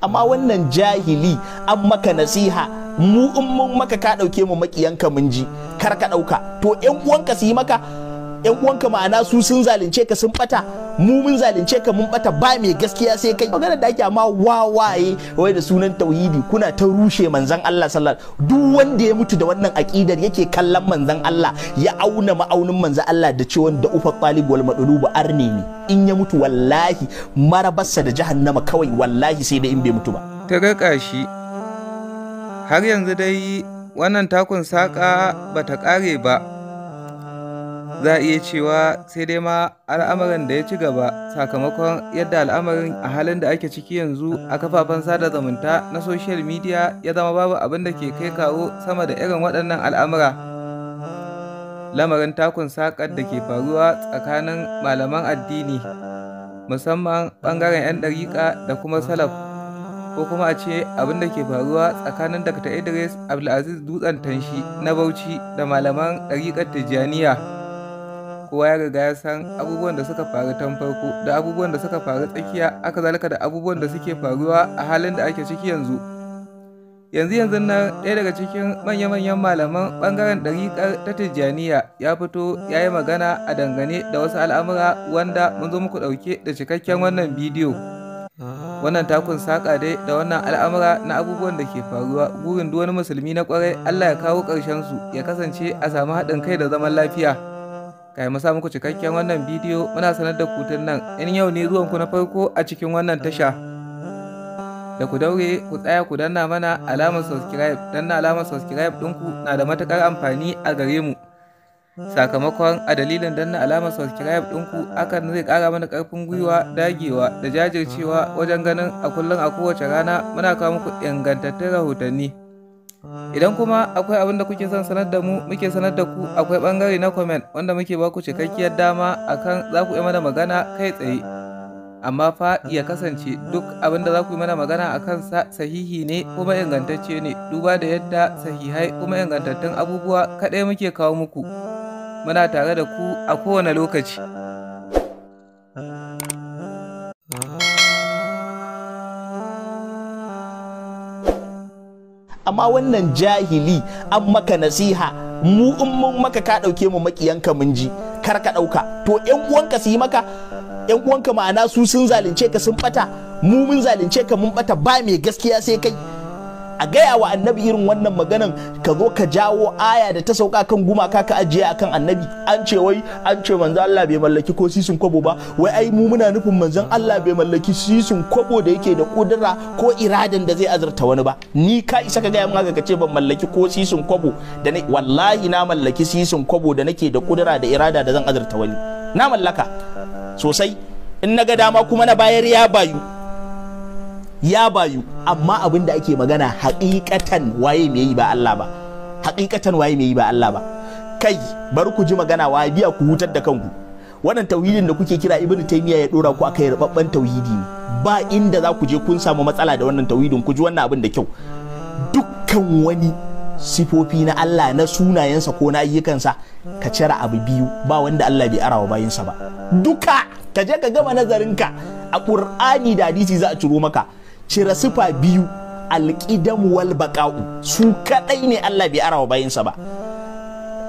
amma wannan jahili an maka nasiha mu in mun maka ka ɗauke mu makiyanka mun ji kar ka ɗauka to 'yan uwanka su yi maka yan uwanka ma'ana su sun zalunce ka sun bata mu mun zalunce ka mun bata ba mai gaskiya sai kai magana da ake amma wawaye wai da sunan tauhidi kuna ta rushe manzan Allah sallallahu duk wanda ya mutu da wannan aqidar yake kallon manzan Allah ya auna ma'aunin manzan Allah da cewa da ufa talib wal madlubu arne ne in ya mutu wallahi marabarsa da jahannama kawai wallahi sai da in bai mutu ba ta ga kashi har yanzu dai wannan takun saƙa ba ta ƙare ba za a iya cewa sai dai ma al'amarin da ya ci gaba sakamakon yadda al'amarin a halin da ake ciki yanzu a kafafen sada zumunta na social media ya zama babu abin da ke kai kawo sama da irin waɗannan al'amura lamarin takun saƙar da ke faruwa tsakanin malaman addini musamman ɓangaren 'yan ɗariƙa da kuma salaf ko kuma a ce abin da ke faruwa tsakanin Dr. Idris Abdulaziz Dutsen Tanshi na Bauchi da malaman ɗariƙar Tijjaniya. kowa ya riga ya san abubuwan da suka faru tan farko da abubuwan da suka faru tsakiya aka zalika da abubuwan da suke faruwa a halin da ake ciki yanzu yanzu yanzu nan ɗaya daga cikin manya-manyan malaman ɓangaren ɗariƙar ta tijjaniya ya fito ya yi magana a dangane da wasu al'amura wanda mun zo muku ɗauke da cikakken wannan bidiyo wannan takun saƙa dai da wannan al'amura na abubuwan da ke faruwa gurin duk wani musulmi na ƙwarai allah ya kawo ƙarshen su ya kasance a samu haɗin kai da zaman lafiya Kayan mu muku cikakken wannan bidiyo muna sanar da ku nan in yau ne zuwanku na farko a cikin wannan tasha. Da ku daure ku tsaya ku danna mana alamar subscribe danna alamar subscribe ɗinku na da matuƙar amfani a gare mu. Sakamakon a dalilin danna alamar subscribe ɗinku hakan zai ƙara mana ƙarfin gwiwa dagewa da jajircewa wajen ganin a kullum a kowace rana muna kawo muku ingantattun rahotanni. Idan kuma akwai abin da kuke son sanar da mu muke sanar da ku akwai ɓangare na comment wanda muke ba ku cikakkiyar dama akan za ku yi mana magana kai tsaye. Amma fa ya kasance duk abin da za ku yi mana magana a kansa sahihi ne kuma ingantacce ne duba da yadda sahihai kuma ingantattun abubuwa kaɗai muke kawo muku. Muna tare da ku a kowane lokaci. amma wannan jahili an maka nasiha mu in mun maka ka ɗauke mu makiyanka mun ji kar ka ɗauka to yan uwanka su yi maka yan uwanka ma'ana su sun zalunce ka sun bata mu mun zalunce ka mun bata ba mai gaskiya sai kai a gaya wa annabi irin wannan maganan ka zo ka jawo aya da ta sauka kan gumaka ka ajiye akan annabi an ce wai an ce manzon Allah bai mallaki ko sisin kwabo ba wai ai mu muna nufin manzon Allah bai mallaki sisin kwabo da yake da kudura ko iradan da zai azurta wani ba ni ka isa ka gaya mun haka kace ban mallaki ko sisin kwabo da wallahi na mallaki sisin kwabo da nake da kudura da irada da zan azurta wani na mallaka sosai in na ga dama kuma na bayar ya bayu ya bayu amma abin da ake magana haƙiƙatan waye mai yi ba Allah ba haƙiƙatan waye mai yi ba Allah ba kai bari ku ji magana wa biya ku hutar da kanku wannan tauhidin da kuke kira ibnu taymiya ya dora ku akai rubabban tauhidi ba inda za ku je kun samu matsala da wannan tauhidin ku ji wannan abin da kyau dukkan wani sifofi na Allah na sunayensa ko na ayyukansa ka cire abu biyu ba wanda Allah bai arawa bayinsa ba duka ka je ka gama nazarinka a Qur'ani da hadisi za a ciro maka cire sifa biyu alƙidam wal baƙa'u su kaɗai ne Allah bai arawa bayansa ba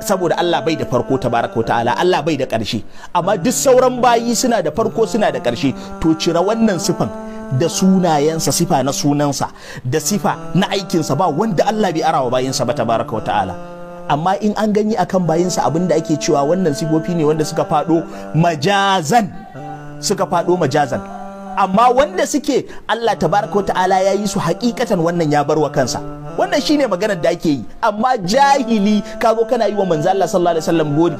saboda Allah bai da farko tabaraka ta'ala Allah bai da ƙarshe amma duk sauran bayi suna da farko suna da ƙarshe to cire wannan sifan da sunayensa sifa na sunansa da sifa na aikinsa ba wanda Allah bai arawa bayansa ba tabaraka ta'ala amma in an gani akan bayinsa abinda ake cewa wannan sifofi ne wanda suka faɗo majazan suka faɗo majazan amma wanda suke Allah tabaraka ta'ala ya yi su hakikatan wannan ya bar wa kansa wannan shine maganar da ake yi amma jahili ka zo kana yi wa manzo Allah sallallahu alaihi wasallam gori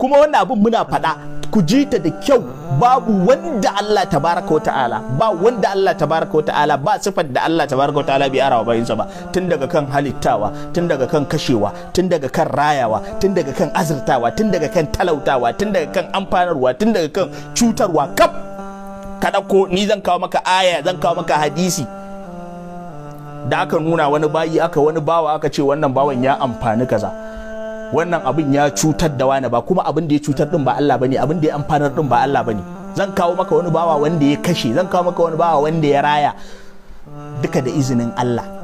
kuma wannan abin muna faɗa ku ji ta da kyau babu wanda Allah tabaraka ta'ala ba wanda Allah tabaraka ta'ala ba sifar da Allah tabaraka wa ta'ala bi arawa bayinsa ba tun daga kan halittawa tun daga kan kashewa tun daga kan rayawa tun daga kan azurtawa tun daga kan talautawa tun daga kan amfanarwa tun daga kan cutarwa kaf ka ɗauko ni zan kawo maka aya zan kawo maka hadisi da aka nuna wani bayi aka wani bawa aka ce wannan bawan ya amfani kaza wannan abin ya cutar da wani ba kuma abin da ya cutar din ba Allah bane abin da ya amfanar din ba Allah bane zan kawo maka wani bawa wanda ya kashe zan kawo maka wani bawa wanda ya raya duka da izinin Allah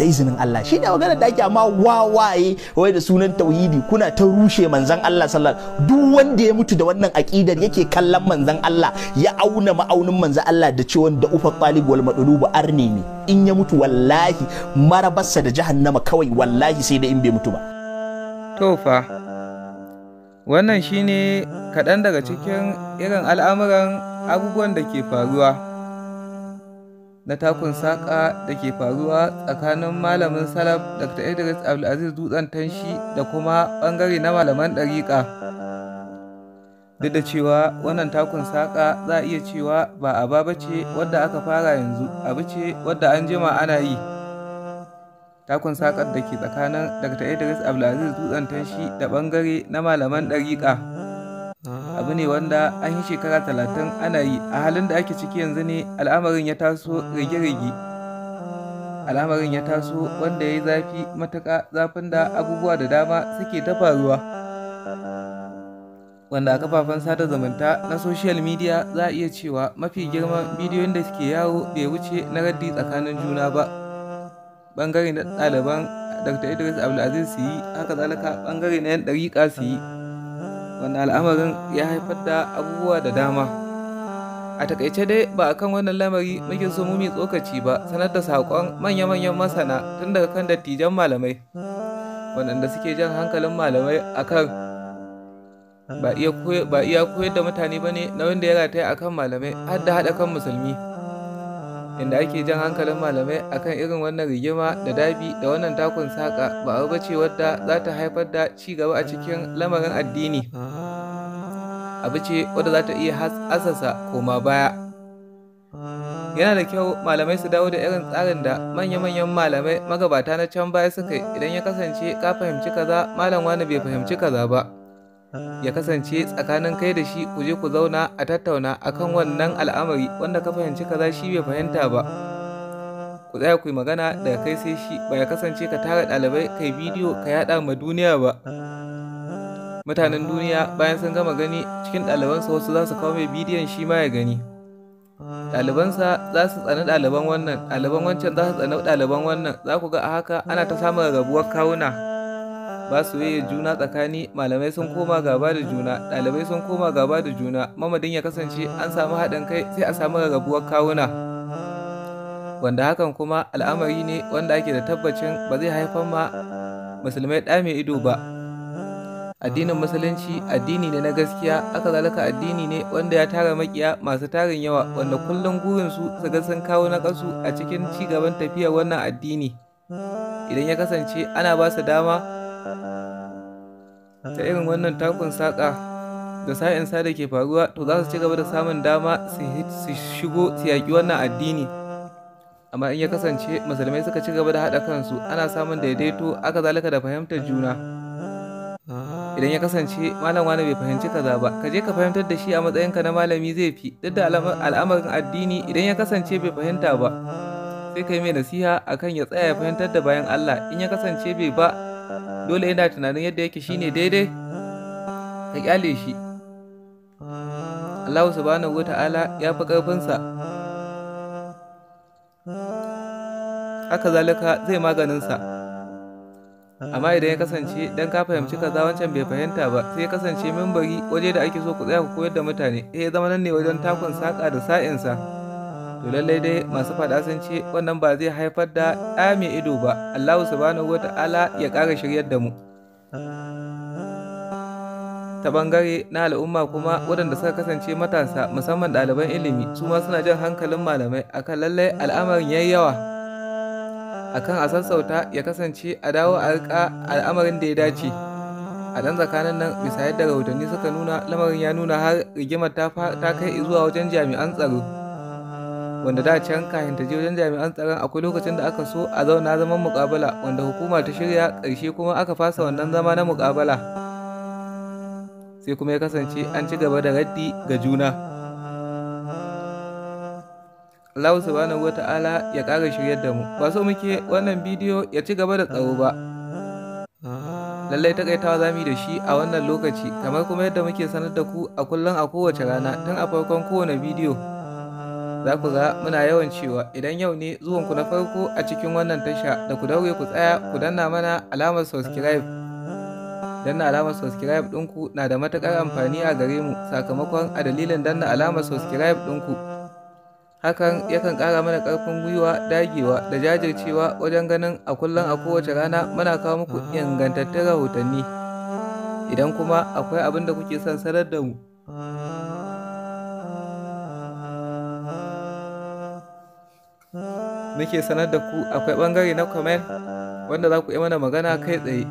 da izinin Allah shi ne magana da ake amma wawaye wai da sunan tauhidi kuna ta rushe manzan Allah sallar duk wanda ya mutu da wannan aƙidar yake kallon manzan Allah ya auna ma'aunin manzan Allah da cewa da ufa talib wal ba arne ne in ya mutu wallahi marabarsa da jahannama kawai wallahi sai da in bai mutu ba to fa wannan shine kaɗan daga cikin irin al'amuran abubuwan da ke faruwa na takun saƙa da ke faruwa tsakanin malamin salaf dr idris abdulaziz dutsen tanshi da kuma ɓangare na malaman ɗariƙa duk da cewa wannan takun saƙa za a iya cewa ba a ba ce wadda aka fara yanzu abu ce wadda an jima ana yi takun saƙar da ke tsakanin dr idris abdulaziz dutsen tanshi da ɓangare na malaman ɗariƙa abu ne wanda an yi shekara talatin ana yi a halin da ake ciki yanzu ne al'amarin ya taso rage-rage al'amarin ya taso wanda ya yi zafi matuƙa zafin da abubuwa da dama suke ta faruwa wanda a kafafen sada zumunta na social media za a iya cewa mafi girman bidiyon da suke yawo bai wuce na raddi tsakanin juna ba bangare na ɗaliban dr idris abdulaziz su yi haka zalika bangare na yan ɗariƙa su yi wanda al'amarin ya haifar da abubuwa da dama a takaice dai ba a kan wannan lamari muke so mu tsokaci ba sanar da saƙon manya-manyan masana tun daga kan dattijan malamai waɗanda suke jan hankalin malamai a kan ba iya koyar da mutane ba ne na wanda ya rataya a kan malamai har da haɗa kan musulmi inda ake jan hankalin malamai akan irin wannan rigima da dabi da wannan takun saka ba abu ce wadda za ta haifar da ci gaba a cikin lamarin addini abu ce wadda za ta iya asasa koma baya yana da kyau malamai su dawo da irin tsarin da manya-manyan malamai magabata na can baya suka yi idan ya kasance ka fahimci kaza malam wani bai fahimci kaza ba ya kasance tsakanin kai da shi ku je ku zauna a tattauna akan wannan al'amari wanda ka fahimci kaza shi bai fahimta ba ku tsaya ku yi magana daga kai sai shi ba ya kasance ka tara ɗalibai kai bidiyo ka yaɗa ma duniya ba mutanen duniya bayan sun gama gani cikin ɗalibansa wasu za su kawo mai bidiyon shi ma ya gani ɗalibansa za su tsani ɗaliban wannan ɗaliban wancan za su tsani ɗaliban wannan za ku ga a haka ana ta samun rabuwar kawuna ba su yi juna tsakani malamai sun koma gaba da juna ɗalibai sun koma gaba da juna mamadin ya kasance an samu haɗin kai sai a samu rarrabuwar kawuna wanda hakan kuma al'amari ne wanda ake da tabbacin ba zai haifar ma musulmai ɗa mai ido ba addinin musulunci addini ne na gaskiya aka zalaka addini ne wanda ya tara makiya masu tarin yawa wanda kullum gurinsu su ga sun kawo na a cikin ci gaban tafiyar wannan addini idan ya kasance ana ba su dama Ta irin wannan takun saƙa da sa'insa da ke faruwa to za su ci gaba da samun dama su shigo su yaƙi wannan addini amma in ya kasance musulmai suka ci gaba da haɗa kansu ana samun daidaito aka zalika da fahimtar juna idan ya kasance malam wani bai fahimci kaza ba ka je ka fahimtar da shi a matsayinka na malami zai fi duk da al'amarin addini idan ya kasance bai fahimta ba sai ka yi mai nasiha akan ya tsaya ya fahimtar da bayan Allah in ya kasance bai ba dole yana tunanin yadda yake shine daidai ka kyale shi Allah subhanahu wa ta'ala ya fi ƙarfinsa haka zalika zai maganinsa amma idan ya kasance dan ka fahimci kaza wancan bai fahimta ba sai ya kasance mimbari waje da ake so ku tsaya ku koyar da mutane eh ya zama nan ne wajen takun saƙa da sa'insa to lallai dai masu faɗa sun ce wannan ba zai haifar da ɗa mai ido ba Allahu subhanahu wata'ala ya ƙara shiryar da mu ta bangare na al'umma kuma waɗanda suka kasance matasa musamman ɗaliban ilimi su ma suna jan hankalin malamai akan lallai al'amarin yayi yawa akan a sassauta ya kasance a dawo a riƙa al'amarin da ya dace a ɗan tsakanin nan bisa yadda rahotanni suka nuna lamarin ya nuna har rigimar ta kai zuwa wajen jami'an tsaro wanda da can kayan ta wajen jami'an tsaron akwai lokacin da aka so a zauna zaman mukabala wanda hukuma ta shirya ƙarshe kuma aka fasa wannan zama na mukabala sai kuma ya kasance an ci gaba da raddi ga juna Allah subhanahu wata'ala ya ƙara shiryar da mu ba so muke wannan bidiyo ya ci gaba da tsaro ba lallai takaitawa za mu da shi a wannan lokaci kamar kuma yadda muke sanar da ku a kullum a kowace rana tun a farkon kowane bidiyo za ku ga muna yawan cewa idan yau ne zuwanku na farko a cikin wannan tasha da ku daure ku tsaya ku danna mana alamar subscribe danna alamar subscribe ɗinku na da matuƙar amfani a gare mu sakamakon a dalilin danna alamar subscribe ɗinku hakan yakan ƙara mana ƙarfin gwiwa dagewa da jajircewa wajen ganin a kullum a kowace rana muna kawo muku ingantattun rahotanni idan kuma akwai abin da kuke son sanar da mu muke sanar da ku akwai ɓangare na comment wanda za ku yi mana magana kai tsaye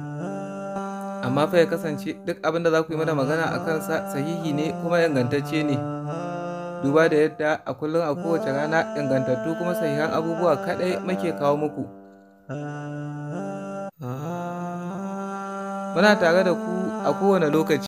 amma fa ya kasance duk abin da za ku yi mana magana a kansa sahihi ne kuma ingantacce ne duba da yadda a kullum a kowace rana ingantattu kuma sahihan abubuwa kaɗai muke kawo muku muna tare da ku a kowane lokaci